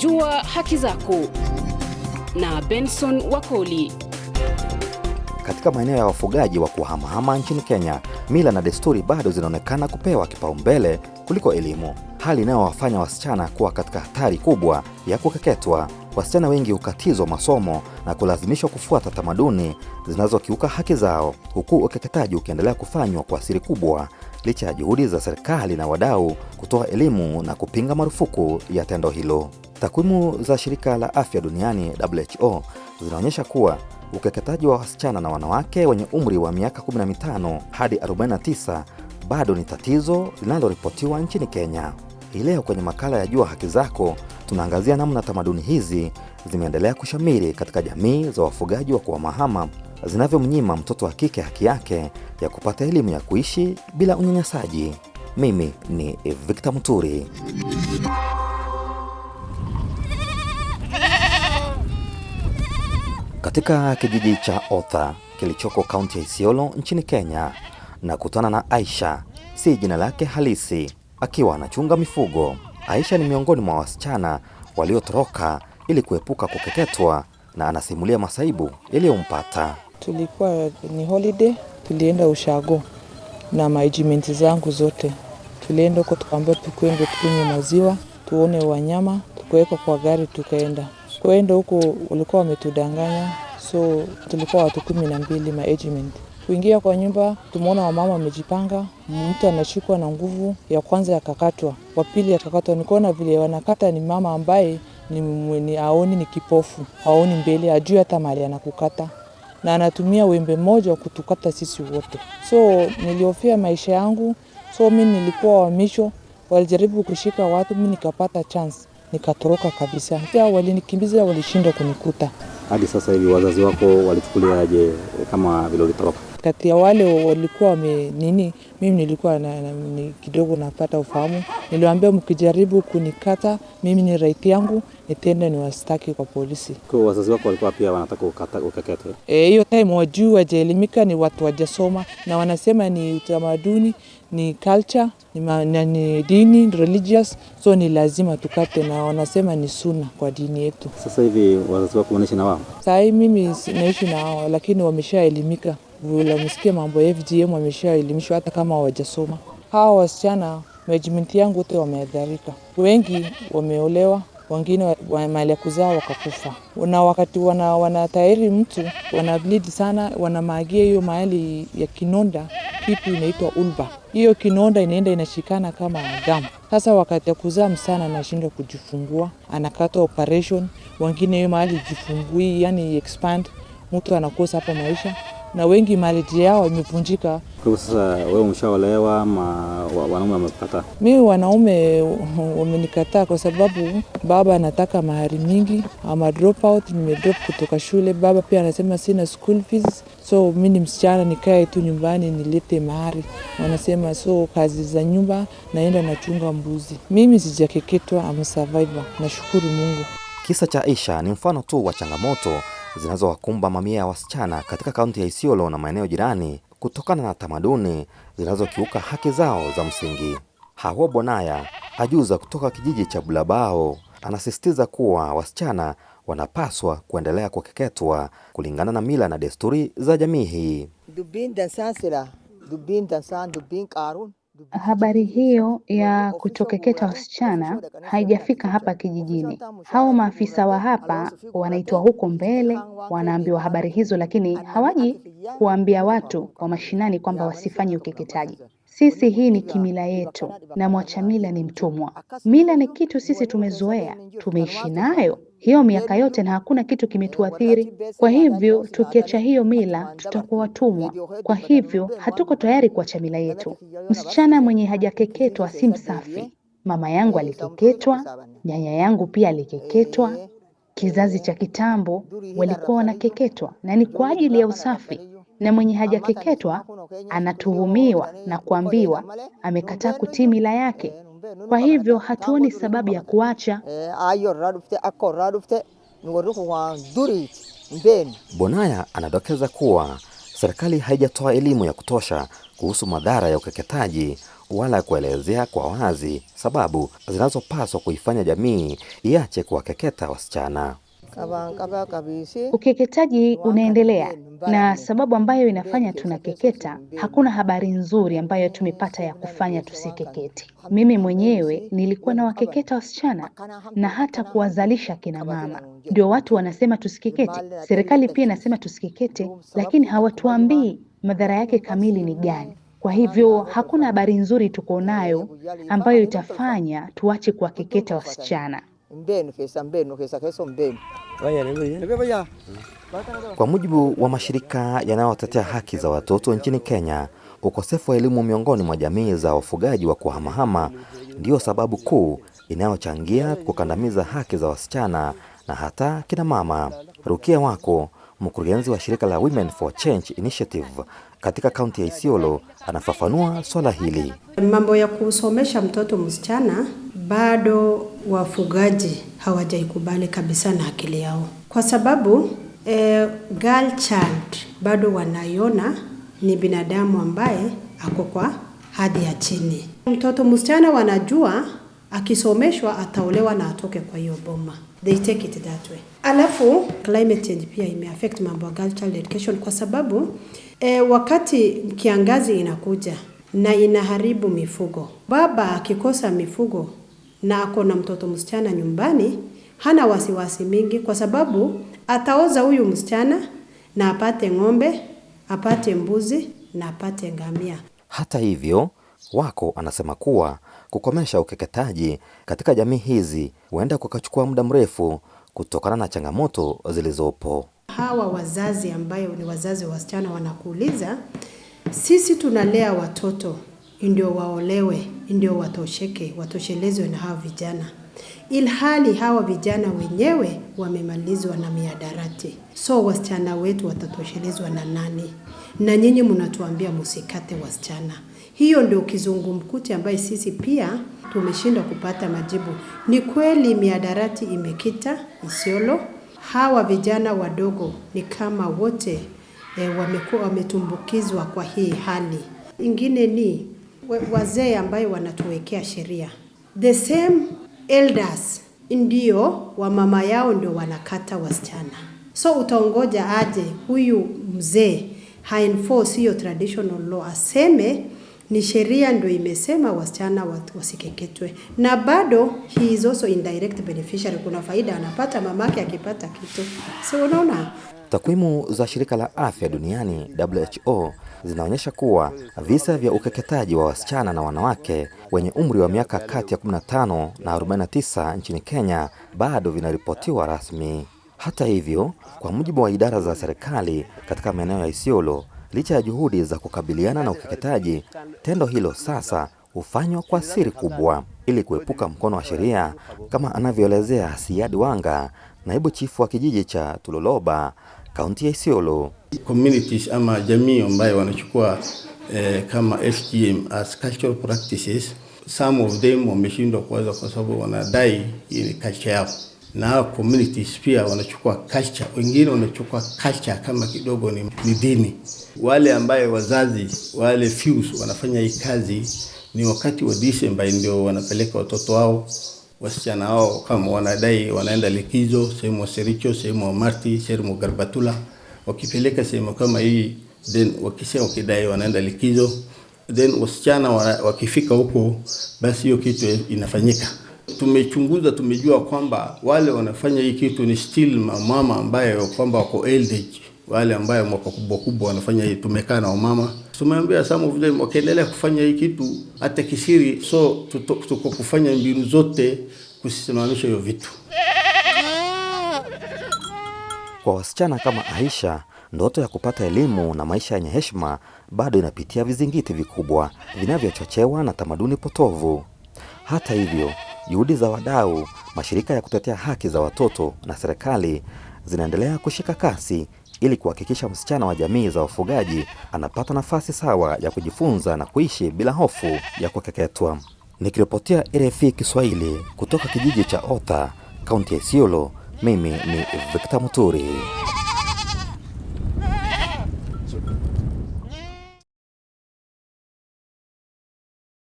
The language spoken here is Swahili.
Jua haki zako na Benson Wakoli. Katika maeneo ya wafugaji wa kuhamahama nchini Kenya, mila na desturi bado zinaonekana kupewa kipaumbele kuliko elimu, hali inayowafanya wasichana kuwa katika hatari kubwa ya kukeketwa wasichana wengi hukatizwa masomo na kulazimishwa kufuata tamaduni zinazokiuka haki zao, huku ukeketaji ukiendelea kufanywa kwa siri kubwa licha ya juhudi za serikali na wadau kutoa elimu na kupinga marufuku ya tendo hilo. Takwimu za shirika la afya duniani WHO zinaonyesha kuwa ukeketaji wa wasichana na wanawake wenye umri wa miaka 15 hadi 49 bado ni tatizo linaloripotiwa nchini Kenya. Hii leo kwenye makala ya Jua Haki Zako tunaangazia namna tamaduni hizi zimeendelea kushamiri katika jamii za wafugaji wa kuhamahama zinavyomnyima mtoto wa kike haki yake ya kupata elimu ya kuishi bila unyanyasaji. Mimi ni Victor mturi Katika kijiji cha Otha kilichoko kaunti ya Isiolo nchini Kenya, na kutana na Aisha, si jina lake halisi, akiwa anachunga mifugo. Aisha ni miongoni mwa wasichana waliotoroka ili kuepuka kukeketwa na anasimulia masaibu yaliyompata. Tulikuwa ni holiday, tulienda ushago na maijimenti zangu zote, tulienda huko, tukaambiwa tukwende tukunywe maziwa, tuone wanyama, tukaweka kwa gari, tukaenda kwenda huko. Walikuwa wametudanganya, so tulikuwa watu kumi na mbili maijimenti Kuingia kwa nyumba, tumeona wamama wamejipanga, mtu anashikwa na nguvu. Ya kwanza yakakatwa, wa pili yakakatwa. Nikuona vile wanakata ni mama ambaye ni, ni aoni, ni kipofu, aoni mbele, ajui hata mali anakukata na anatumia wembe mmoja kutukata sisi wote. So nilihofia maisha yangu, so mi nilikuwa wamisho, walijaribu kushika watu, mi nikapata chance nikatoroka kabisa. Pia walinikimbiza, walishindwa kunikuta. Hadi sasa hivi wazazi wako walichukuliaje kama vile ulitoroka? kati ya wale walikuwa wame nini, mimi nilikuwa na, na, ni kidogo napata ufahamu. Niliwaambia mkijaribu kunikata mimi ni right yangu, nitende wastaki kwa polisi. Kwa wazazi wako walikuwa pia wanataka ukakatwe? Eh, hiyo time wajuu wajaelimika, ni watu wajasoma, na wanasema ni utamaduni, ni culture, ni, ma, na, ni dini religious, so ni lazima tukate, na wanasema ni suna kwa dini yetu. Sasa hivi wazazi wako wanaishi na wao? Sahii mimi naishi na wao, lakini wameshaelimika. Ulamsikia mambo ya FGM wameshaelimishwa, hata kama hawajasoma. Hawa wasichana management yangu wote wameadharika, wengi wameolewa, wengine mali kuzaa wakakufa, na wakati wanatairi wana mtu wana bleed sana, wanamaagia hiyo mahali ya kinonda, kitu inaitwa ulba. Hiyo kinonda inaenda inashikana kama damu. Sasa wakati ya kuzaa msana anashindwa kujifungua, anakata operation, wengine hiyo mahali jifungui, yani expand, mtu anakosa hapa maisha na wengi mali yao imepunjika. Kwa sasa wewe umeshaolewa ama wanaume wamekataa? Mimi wanaume wamenikataa kwa sababu baba anataka mahari mingi, ama drop out, drop kutoka shule. Baba pia anasema sina school fees, so mi ni msichana nikae tu nyumbani nilete mahari. Wanasema so kazi za nyumba, naenda nachunga mbuzi. Mimi sijakeketwa, am survivor, nashukuru Mungu. Kisa cha Aisha ni mfano tu wa changamoto zinazowakumba mamia ya wasichana katika kaunti ya Isiolo na maeneo jirani kutokana na tamaduni zinazokiuka haki zao za msingi. Hawo Bonaya ajuza kutoka kijiji cha Bulabao anasisitiza kuwa wasichana wanapaswa kuendelea kukeketwa kulingana na mila na desturi za jamii hii. Habari hiyo ya kutokeketa wasichana haijafika hapa kijijini. Hao maafisa wa hapa wanaitwa huko mbele, wanaambiwa habari hizo, lakini hawaji kuambia watu wa mashinani kwamba wasifanye ukeketaji. Sisi hii ni kimila yetu, na mwacha mila ni mtumwa. Mila ni kitu sisi tumezoea, tumeishi nayo hiyo miaka yote na hakuna kitu kimetuathiri. Kwa hivyo tukiacha hiyo mila tutakuwa watumwa, kwa hivyo hatuko tayari kuacha mila yetu. Msichana mwenye hajakeketwa si msafi. Mama yangu alikeketwa, nyanya yangu pia alikeketwa, kizazi cha kitambo walikuwa wanakeketwa, na ni kwa ajili ya usafi. Na mwenye hajakeketwa anatuhumiwa na kuambiwa amekataa kutii mila yake. Kwa hivyo hatuoni sababu ya kuacha. Bonaya anadokeza kuwa serikali haijatoa elimu ya kutosha kuhusu madhara ya ukeketaji wala kuelezea kwa wazi sababu zinazopaswa kuifanya jamii iache kuwakeketa wasichana. Ukeketaji unaendelea na sababu ambayo inafanya tunakeketa, hakuna habari nzuri ambayo tumepata ya kufanya tusikekete. Mimi mwenyewe nilikuwa na wakeketa wasichana na hata kuwazalisha kina mama. Ndio watu wanasema tusikekete, serikali pia inasema tusikekete, lakini hawatuambii madhara yake kamili ni gani. Kwa hivyo hakuna habari nzuri tuko nayo ambayo itafanya tuache kuwakeketa wasichana. Mbenu kesa mbenu kesa mbenu. Kwa mujibu wa mashirika yanayotetea haki za watoto nchini Kenya, ukosefu wa elimu miongoni mwa jamii za wafugaji wa kuhamahama ndiyo sababu kuu inayochangia kukandamiza haki za wasichana na hata kina mama. Rukia Wako, mkurugenzi wa shirika la Women for Change Initiative katika kaunti ya Isiolo, anafafanua swala hili. Mambo ya kusomesha mtoto msichana bado wafugaji hawajaikubali kabisa na akili yao, kwa sababu e, girl child bado wanaiona ni binadamu ambaye ako kwa hadhi ya chini. Mtoto msichana wanajua akisomeshwa ataolewa na atoke kwa hiyo boma. They take it that way. Alafu climate change pia imeaffect mambo ya girl child education kwa sababu e, wakati kiangazi inakuja na inaharibu mifugo. Baba akikosa mifugo na ako na mtoto msichana nyumbani, hana wasiwasi mingi kwa sababu ataoza huyu msichana na apate ng'ombe, apate mbuzi na apate ngamia. Hata hivyo, Wako anasema kuwa kukomesha ukeketaji katika jamii hizi huenda kukachukua muda mrefu kutokana na changamoto zilizopo. Hawa wazazi ambayo ni wazazi wa wasichana wanakuuliza, sisi tunalea watoto ndio waolewe, ndio watosheke, watoshelezwe na hawa vijana, ilhali hawa vijana wenyewe wamemalizwa na miadarati. So wasichana wetu watatoshelezwa na nani? Na nyinyi mnatuambia musikate wasichana. Hiyo ndio kizungumkuti ambaye sisi pia tumeshindwa kupata majibu. Ni kweli miadarati imekita Isiolo, hawa vijana wadogo ni kama wote e, wamekuwa wametumbukizwa kwa hii hali. Ingine ni wazee ambayo wanatuwekea sheria, the same elders ndio mama yao ndio wanakata wasichana. So utaongoja aje huyu mzee haenforce hiyo traditional law, aseme ni sheria ndio imesema wasichana wasikeketwe, na bado he is also indirect beneficiary. Kuna faida anapata mamake akipata kitu, si unaona? Takwimu za shirika la afya duniani WHO zinaonyesha kuwa visa vya ukeketaji wa wasichana na wanawake wenye umri wa miaka kati ya 15 na 49 nchini Kenya bado vinaripotiwa rasmi. Hata hivyo, kwa mujibu wa idara za serikali katika maeneo ya Isiolo, licha ya juhudi za kukabiliana na ukeketaji, tendo hilo sasa hufanywa kwa siri kubwa ili kuepuka mkono wa sheria, kama anavyoelezea Siadi Wanga, naibu chifu wa kijiji cha Tuloloba kaunti ya Isiolo. Communities ama jamii ambayo wanachukua eh, kama FGM as cultural practices, some of them wameshindwa kuweza kwa sababu wanadai ile culture yao, na communities pia wanachukua culture, wengine wanachukua culture kama kidogo ni, ni dini. Wale ambaye wazazi wale fuse wanafanya hii kazi ni wakati wa Disemba ndio wanapeleka watoto wao wasichana wao kama wanadai wanaenda likizo sehemu Sericho, sehemu Wamarti, sehemu Garbatula, wakipeleka sehemu kama hii then wakisema wakidai wanaenda likizo then wasichana wakifika huko, basi hiyo kitu inafanyika. Tumechunguza, tumejua kwamba wale wanafanya hii kitu ni still mamama ambaye kwamba wako elderly, wale ambaye mwaka kubwa kubwa wanafanya hii. Tumekaa na wamama tumeambia some of them wakaendelea kufanya hii kitu hata kisiri, so tuko kufanya mbinu zote kusimamisha hiyo vitu. Kwa wasichana kama Aisha, ndoto ya kupata elimu na maisha yenye heshima bado inapitia vizingiti vikubwa vinavyochochewa na tamaduni potovu. Hata hivyo, juhudi za wadau, mashirika ya kutetea haki za watoto na serikali zinaendelea kushika kasi ili kuhakikisha msichana wa jamii za wafugaji anapata nafasi sawa ya kujifunza na kuishi bila hofu ya kukeketwa. Nikiripotia RFI Kiswahili kutoka kijiji cha Ota, kaunti ya Isiolo, mimi ni Victor Muturi.